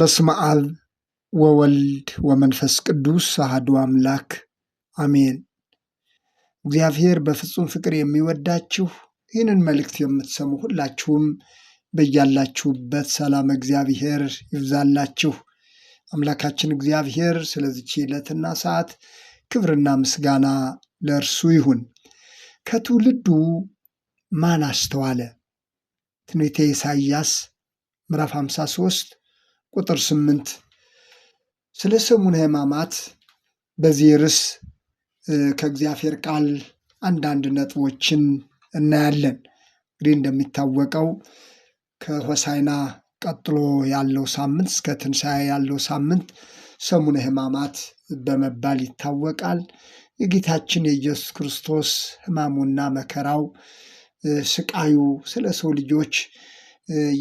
በስመ አብ ወወልድ ወመንፈስ ቅዱስ አሐዱ አምላክ አሜን። እግዚአብሔር በፍጹም ፍቅር የሚወዳችሁ ይህንን መልእክት የምትሰሙ ሁላችሁም በያላችሁበት ሰላም እግዚአብሔር ይብዛላችሁ። አምላካችን እግዚአብሔር ስለዚች ዕለትና ሰዓት ክብርና ምስጋና ለእርሱ ይሁን። ከትውልዱ ማን አስተዋለ? ትንቢተ ኢሳይያስ ምዕራፍ 53 ቁጥር ስምንት ስለ ሰሙነ ሕማማት በዚህ ርዕስ ከእግዚአብሔር ቃል አንዳንድ ነጥቦችን እናያለን። እንግዲህ እንደሚታወቀው ከሆሳይና ቀጥሎ ያለው ሳምንት እስከ ትንሣኤ ያለው ሳምንት ሰሙነ ሕማማት በመባል ይታወቃል። የጌታችን የኢየሱስ ክርስቶስ ሕማሙና መከራው ስቃዩ ስለ ሰው ልጆች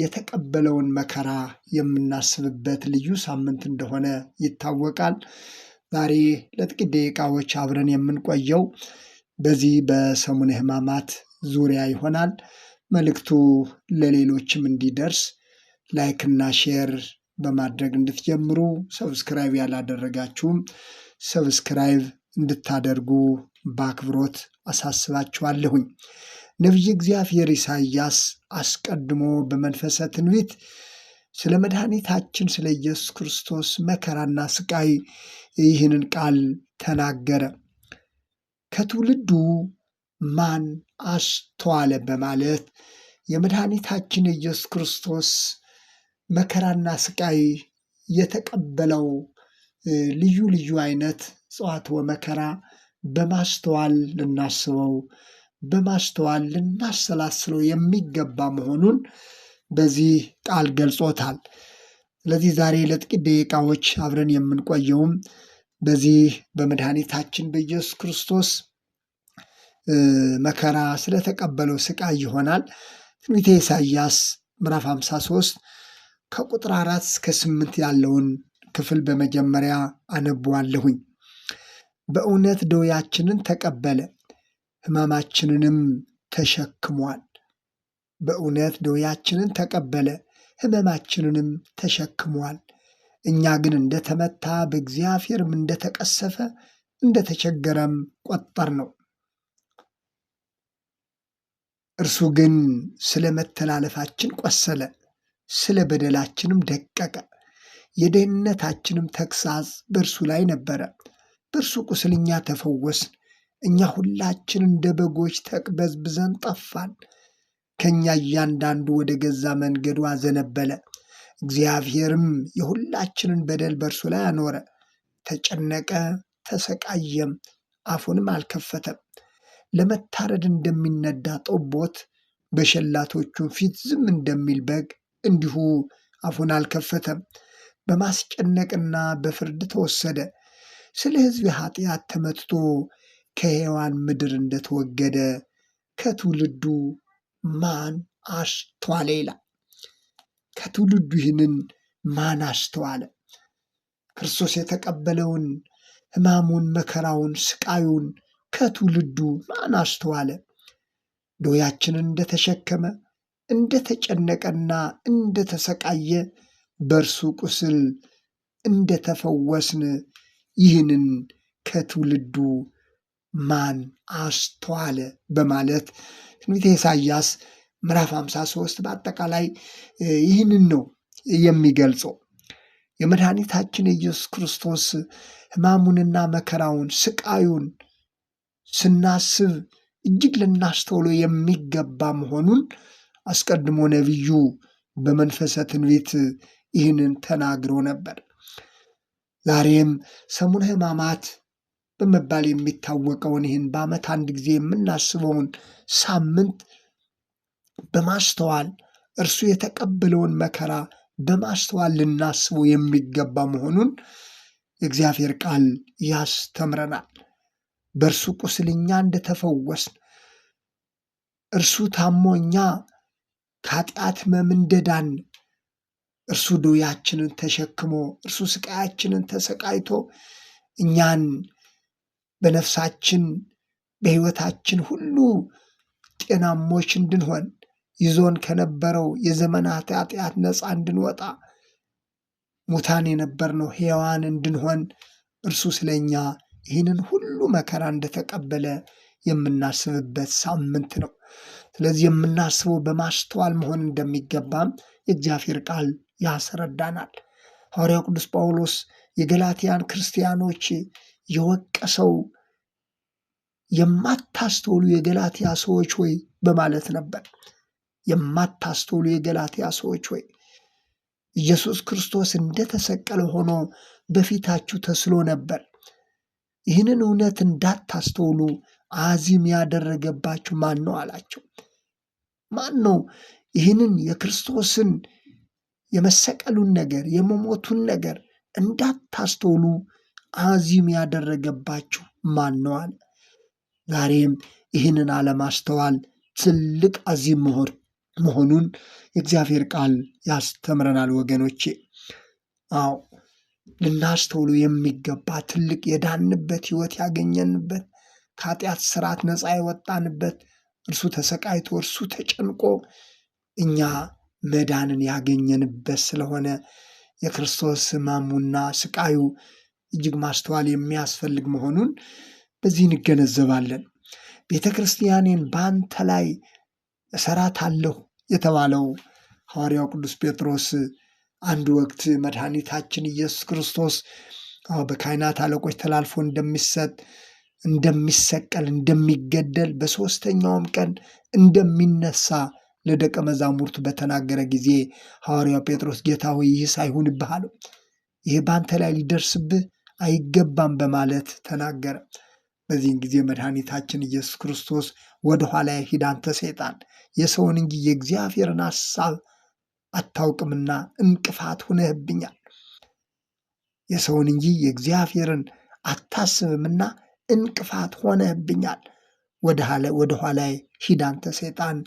የተቀበለውን መከራ የምናስብበት ልዩ ሳምንት እንደሆነ ይታወቃል። ዛሬ ለጥቂት ደቂቃዎች አብረን የምንቆየው በዚህ በሰሙነ ሕማማት ዙሪያ ይሆናል። መልእክቱ ለሌሎችም እንዲደርስ ላይክና ሼር በማድረግ እንድትጀምሩ፣ ሰብስክራይብ ያላደረጋችሁም ሰብስክራይብ እንድታደርጉ በአክብሮት አሳስባችኋለሁኝ። ነቢይ እግዚአብሔር ኢሳያስ አስቀድሞ በመንፈሰ ትንቢት ስለ መድኃኒታችን ስለ ኢየሱስ ክርስቶስ መከራና ስቃይ ይህንን ቃል ተናገረ። ከትውልዱ ማን አስተዋለ በማለት የመድኃኒታችን የኢየሱስ ክርስቶስ መከራና ስቃይ የተቀበለው ልዩ ልዩ አይነት ጽዋትወ መከራ በማስተዋል ልናስበው በማስተዋል ልናሰላስለው የሚገባ መሆኑን በዚህ ቃል ገልጾታል። ስለዚህ ዛሬ ለጥቂት ደቂቃዎች አብረን የምንቆየውም በዚህ በመድኃኒታችን በኢየሱስ ክርስቶስ መከራ ስለተቀበለው ስቃይ ይሆናል። ትንቢተ ኢሳይያስ ምዕራፍ 53 ከቁጥር አራት እስከ ስምንት ያለውን ክፍል በመጀመሪያ አነበዋለሁኝ። በእውነት ደውያችንን ተቀበለ ህመማችንንም ተሸክሟል። በእውነት ደዌያችንን ተቀበለ፣ ሕመማችንንም ተሸክሟል። እኛ ግን እንደተመታ በእግዚአብሔርም እንደተቀሰፈ እንደተቸገረም ቆጠር ነው። እርሱ ግን ስለ መተላለፋችን ቆሰለ፣ ስለ በደላችንም ደቀቀ። የደህንነታችንም ተግሣጽ በእርሱ ላይ ነበረ፣ በእርሱ ቁስል እኛ ተፈወስን። እኛ ሁላችን እንደ በጎች ተቅበዝብዘን ጠፋን። ከእኛ እያንዳንዱ ወደ ገዛ መንገዱ አዘነበለ። እግዚአብሔርም የሁላችንን በደል በእርሱ ላይ አኖረ። ተጨነቀ፣ ተሰቃየም፣ አፉንም አልከፈተም። ለመታረድ እንደሚነዳ ጦቦት በሸላቶቹም ፊት ዝም እንደሚል በግ እንዲሁ አፉን አልከፈተም። በማስጨነቅና በፍርድ ተወሰደ። ስለ ሕዝብ ኃጢአት ተመትቶ ከሔዋን ምድር እንደተወገደ ከትውልዱ ማን አስተዋለ ይላል። ከትውልዱ ይህንን ማን አስተዋለ? ክርስቶስ የተቀበለውን ሕማሙን፣ መከራውን፣ ስቃዩን ከትውልዱ ማን አስተዋለ? ዶያችንን እንደተሸከመ እንደተጨነቀና እንደተሰቃየ በእርሱ ቁስል እንደተፈወስን ይህንን ከትውልዱ ማን አስተዋለ በማለት ትንቢተ ኢሳያስ ምዕራፍ 53 በአጠቃላይ ይህንን ነው የሚገልጸው። የመድኃኒታችን ኢየሱስ ክርስቶስ ሕማሙንና መከራውን ስቃዩን ስናስብ እጅግ ልናስተውሎ የሚገባ መሆኑን አስቀድሞ ነቢዩ በመንፈሰ ትንቢት ይህንን ተናግሮ ነበር። ዛሬም ሰሙነ ሕማማት በመባል የሚታወቀውን ይህን በዓመት አንድ ጊዜ የምናስበውን ሳምንት በማስተዋል እርሱ የተቀበለውን መከራ በማስተዋል ልናስበው የሚገባ መሆኑን የእግዚአብሔር ቃል ያስተምረናል። በእርሱ ቁስል እኛ እንደተፈወስን፣ እርሱ ታሞ እኛ ከኃጢአት ሕመም እንደዳን፣ እርሱ ዱያችንን ተሸክሞ፣ እርሱ ስቃያችንን ተሰቃይቶ እኛን በነፍሳችን በህይወታችን ሁሉ ጤናሞች እንድንሆን ይዞን ከነበረው የዘመናት ኃጢአት ነፃ እንድንወጣ ሙታን የነበርነው ሕያዋን እንድንሆን እርሱ ስለኛ ይህንን ሁሉ መከራ እንደተቀበለ የምናስብበት ሳምንት ነው። ስለዚህ የምናስበው በማስተዋል መሆን እንደሚገባም የእግዚአብሔር ቃል ያስረዳናል። ሐዋርያው ቅዱስ ጳውሎስ የገላትያን ክርስቲያኖች የወቀሰው የማታስተውሉ የገላትያ ሰዎች ወይ በማለት ነበር። የማታስተውሉ የገላትያ ሰዎች ወይ ኢየሱስ ክርስቶስ እንደተሰቀለ ሆኖ በፊታችሁ ተስሎ ነበር። ይህንን እውነት እንዳታስተውሉ አዚም ያደረገባችሁ ማን ነው አላቸው። ማን ነው ይህንን የክርስቶስን የመሰቀሉን ነገር የመሞቱን ነገር እንዳታስተውሉ አዚም ያደረገባችሁ ማን ነው አለ። ዛሬም ይህንን አለማስተዋል ትልቅ አዚም መሆን መሆኑን የእግዚአብሔር ቃል ያስተምረናል ወገኖቼ። አዎ ልናስተውሉ የሚገባ ትልቅ የዳንበት ህይወት ያገኘንበት ከኃጢአት ስርዓት ነፃ የወጣንበት እርሱ ተሰቃይቶ እርሱ ተጨንቆ እኛ መዳንን ያገኘንበት ስለሆነ የክርስቶስ ህመሙና ስቃዩ እጅግ ማስተዋል የሚያስፈልግ መሆኑን በዚህ እንገነዘባለን። ቤተ ክርስቲያኔን በአንተ ላይ እሰራታለሁ የተባለው ሐዋርያው ቅዱስ ጴጥሮስ አንድ ወቅት መድኃኒታችን ኢየሱስ ክርስቶስ በካህናት አለቆች ተላልፎ እንደሚሰጥ እንደሚሰቀል፣ እንደሚገደል፣ በሦስተኛውም ቀን እንደሚነሳ ለደቀ መዛሙርቱ በተናገረ ጊዜ ሐዋርያው ጴጥሮስ ጌታ ሆይ ይህ አይሁንብህ አለው። ይህ በአንተ ላይ ሊደርስብህ አይገባም በማለት ተናገረ። በዚህን ጊዜ መድኃኒታችን ኢየሱስ ክርስቶስ ወደኋላ ሂድ አንተ ሰይጣን፣ የሰውን እንጂ የእግዚአብሔርን ሐሳብ አታውቅምና እንቅፋት ሁነህብኛል። የሰውን እንጂ የእግዚአብሔርን አታስብምና እንቅፋት ሆነህብኛል። ወደ ኋላ ሂድ አንተ ሰይጣን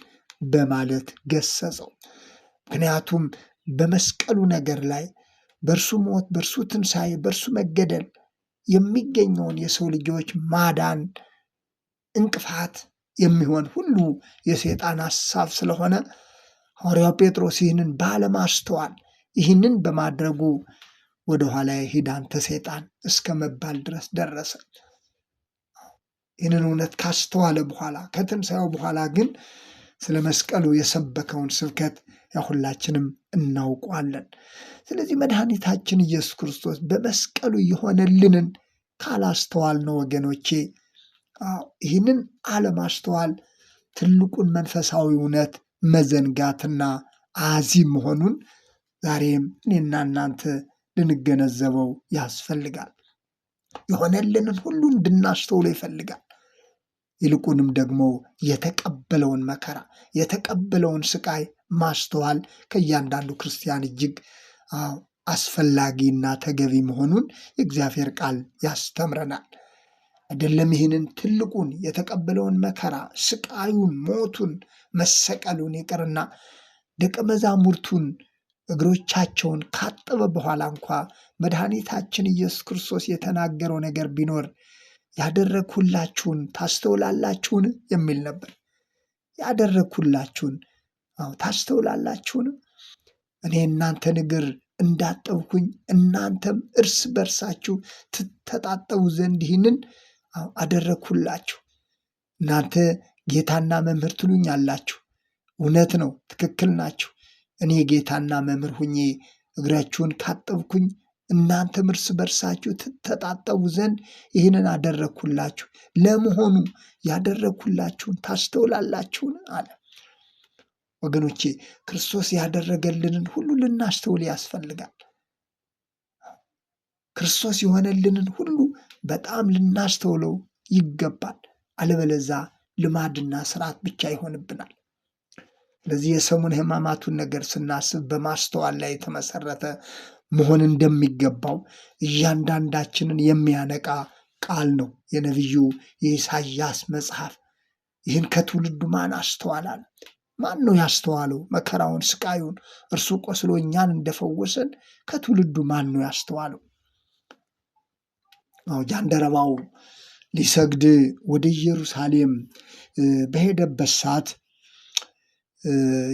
በማለት ገሰጸው። ምክንያቱም በመስቀሉ ነገር ላይ በእርሱ ሞት፣ በእርሱ ትንሣኤ፣ በእርሱ መገደል የሚገኘውን የሰው ልጆች ማዳን እንቅፋት የሚሆን ሁሉ የሰይጣን ሐሳብ ስለሆነ ሐዋርያው ጴጥሮስ ይህንን ባለማስተዋል ይህንን በማድረጉ ወደኋላ ኋላ ሂድ አንተ ሰይጣን እስከ መባል ድረስ ደረሰ። ይህንን እውነት ካስተዋለ በኋላ ከትንሣኤው በኋላ ግን ስለ መስቀሉ የሰበከውን ስብከት ሁላችንም እናውቋለን። ስለዚህ መድኃኒታችን ኢየሱስ ክርስቶስ በመስቀሉ የሆነልንን ካላስተዋል ነው ወገኖቼ፣ ይህንን አለማስተዋል ትልቁን መንፈሳዊ እውነት መዘንጋትና አዚም መሆኑን ዛሬም እኔና እናንተ ልንገነዘበው ያስፈልጋል። የሆነልንን ሁሉ እንድናስተውሎ ይፈልጋል። ይልቁንም ደግሞ የተቀበለውን መከራ የተቀበለውን ስቃይ ማስተዋል ከእያንዳንዱ ክርስቲያን እጅግ አስፈላጊና ተገቢ መሆኑን የእግዚአብሔር ቃል ያስተምረናል። አይደለም ይህንን ትልቁን የተቀበለውን መከራ ስቃዩን፣ ሞቱን፣ መሰቀሉን ይቅርና ደቀ መዛሙርቱን እግሮቻቸውን ካጠበ በኋላ እንኳ መድኃኒታችን ኢየሱስ ክርስቶስ የተናገረው ነገር ቢኖር ያደረግሁላችሁን ታስተውላላችሁን የሚል ነበር። ያደረግሁላችሁን ታስተውላላችሁን? እኔ እናንተን እግር እንዳጠብኩኝ እናንተም እርስ በርሳችሁ ትተጣጠቡ ዘንድ ይህንን አደረግሁላችሁ። እናንተ ጌታና መምህር ትሉኝ አላችሁ። እውነት ነው፣ ትክክል ናችሁ። እኔ ጌታና መምህር ሁኜ እግራችሁን ካጠብኩኝ እናንተም እርስ በርሳችሁ ትተጣጠቡ ዘንድ ይህንን አደረግኩላችሁ። ለመሆኑ ያደረግኩላችሁን ታስተውላላችሁን? አለ። ወገኖቼ ክርስቶስ ያደረገልንን ሁሉ ልናስተውል ያስፈልጋል። ክርስቶስ የሆነልንን ሁሉ በጣም ልናስተውለው ይገባል። አለበለዛ ልማድና ስርዓት ብቻ ይሆንብናል። ስለዚህ የሰሙን ሕማማቱን ነገር ስናስብ በማስተዋል ላይ የተመሰረተ መሆን እንደሚገባው እያንዳንዳችንን የሚያነቃ ቃል ነው የነቢዩ የኢሳያስ መጽሐፍ። ይህን ከትውልዱ ማን አስተዋላል? ማን ነው ያስተዋለው? መከራውን፣ ስቃዩን እርሱ ቆስሎ እኛን እንደፈወሰን ከትውልዱ ማን ነው ያስተዋለው? ጃንደረባው ሊሰግድ ወደ ኢየሩሳሌም በሄደበት ሰዓት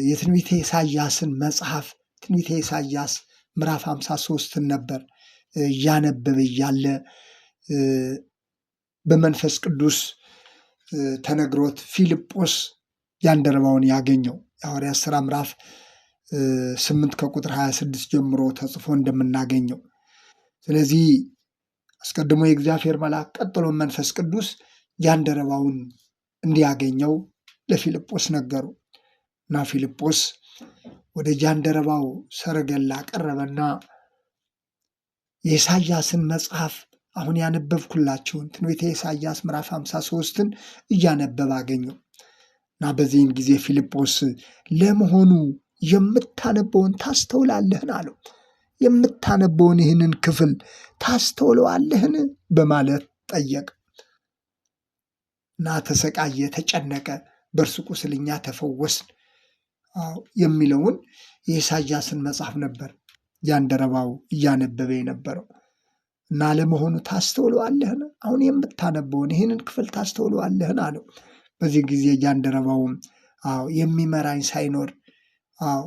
የትንቢተ ኢሳያስን መጽሐፍ ትንቢተ ኢሳያስ ምዕራፍ 53 ነበር እያነበበ እያለ በመንፈስ ቅዱስ ተነግሮት ፊልጶስ ያንደረባውን ያገኘው የሐዋርያት ሥራ ምዕራፍ 8 ከቁጥር 26 ጀምሮ ተጽፎ እንደምናገኘው። ስለዚህ አስቀድሞ የእግዚአብሔር መልአክ ቀጥሎ መንፈስ ቅዱስ ያንደረባውን እንዲያገኘው ለፊልጶስ ነገሩ እና ፊልጶስ ወደ ጃንደረባው ሰረገላ ቀረበና የኢሳያስን መጽሐፍ አሁን ያነበብኩላችሁን ትንቢተ ኢሳያስ ምዕራፍ 53ን እያነበበ አገኘው እና በዚህን ጊዜ ፊልጶስ ለመሆኑ የምታነበውን ታስተውላለህን አለው። የምታነበውን ይህንን ክፍል ታስተውለዋለህን በማለት ጠየቅ እና ተሰቃየ፣ ተጨነቀ። በእርሱ ቁስልኛ ተፈወስን። የሚለውን የኢሳያስን መጽሐፍ ነበር ያንደረባው እያነበበ የነበረው እና ለመሆኑ ታስተውለዋለህን? አሁን የምታነበውን ይህንን ክፍል ታስተውለዋለህን? አለው። በዚህ ጊዜ እያንደረባውም አዎ የሚመራኝ ሳይኖር አዎ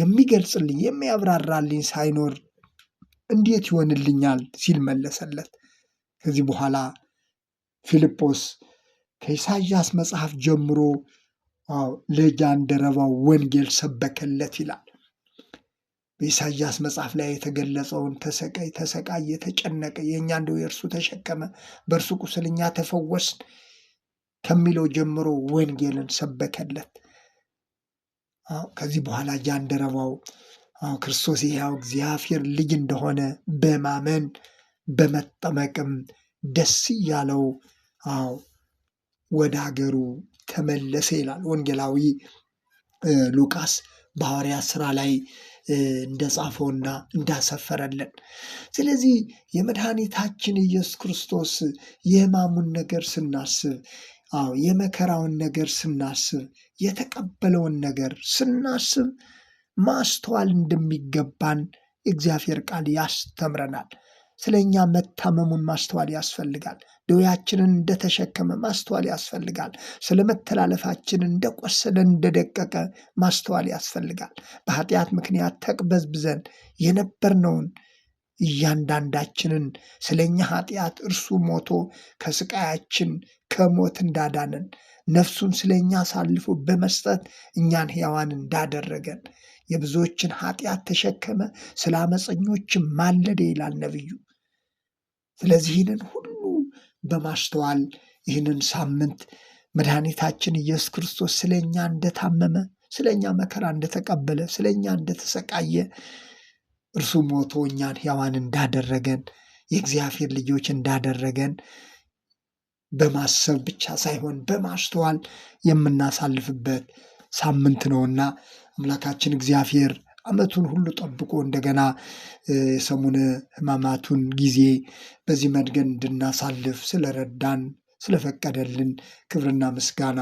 የሚገልጽልኝ የሚያብራራልኝ ሳይኖር እንዴት ይሆንልኛል ሲል መለሰለት። ከዚህ በኋላ ፊልጶስ ከኢሳያስ መጽሐፍ ጀምሮ አዎ ለጃንደረባው ወንጌል ሰበከለት ይላል። በኢሳያስ መጽሐፍ ላይ የተገለጸውን ተሰቃይ ተሰቃይ የተጨነቀ የእኛ እንደው የእርሱ ተሸከመ፣ በእርሱ ቁስል እኛ ተፈወስን ከሚለው ጀምሮ ወንጌልን ሰበከለት። ከዚህ በኋላ ጃንደረባው ክርስቶስ የሕያው እግዚአብሔር ልጅ እንደሆነ በማመን በመጠመቅም ደስ እያለው አዎ ወደ ሀገሩ ተመለሰ ይላል ወንጌላዊ ሉቃስ በሐዋርያት ሥራ ላይ እንደጻፈውና እንዳሰፈረለን። ስለዚህ የመድኃኒታችን ኢየሱስ ክርስቶስ የሕማሙን ነገር ስናስብ፣ አዎ የመከራውን ነገር ስናስብ፣ የተቀበለውን ነገር ስናስብ ማስተዋል እንደሚገባን እግዚአብሔር ቃል ያስተምረናል። ስለ እኛ መታመሙን ማስተዋል ያስፈልጋል። ደዌያችንን እንደተሸከመ ማስተዋል ያስፈልጋል። ስለ መተላለፋችን እንደቆሰለ እንደደቀቀ ማስተዋል ያስፈልጋል። በኃጢአት ምክንያት ተቅበዝብዘን የነበርነውን እያንዳንዳችንን ስለ እኛ ኃጢአት እርሱ ሞቶ ከስቃያችን ከሞት እንዳዳነን ነፍሱን ስለ እኛ አሳልፎ በመስጠት እኛን ሕያዋን እንዳደረገን የብዙዎችን ኃጢአት ተሸከመ፣ ስለ አመፀኞችም ማለደ ይላል ነቢዩ። ስለዚህ ይህንን ሁሉ በማስተዋል ይህንን ሳምንት መድኃኒታችን ኢየሱስ ክርስቶስ ስለ እኛ እንደታመመ፣ ስለ እኛ መከራ እንደተቀበለ፣ ስለ እኛ እንደተሰቃየ፣ እርሱ ሞቶ እኛን ሕያዋን እንዳደረገን፣ የእግዚአብሔር ልጆች እንዳደረገን በማሰብ ብቻ ሳይሆን በማስተዋል የምናሳልፍበት ሳምንት ነውና አምላካችን እግዚአብሔር ዓመቱን ሁሉ ጠብቆ እንደገና የሰሙነ ሕማማቱን ጊዜ በዚህ መድገን እንድናሳልፍ ስለረዳን ስለፈቀደልን ክብርና ምስጋና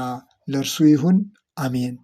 ለእርሱ ይሁን። አሜን።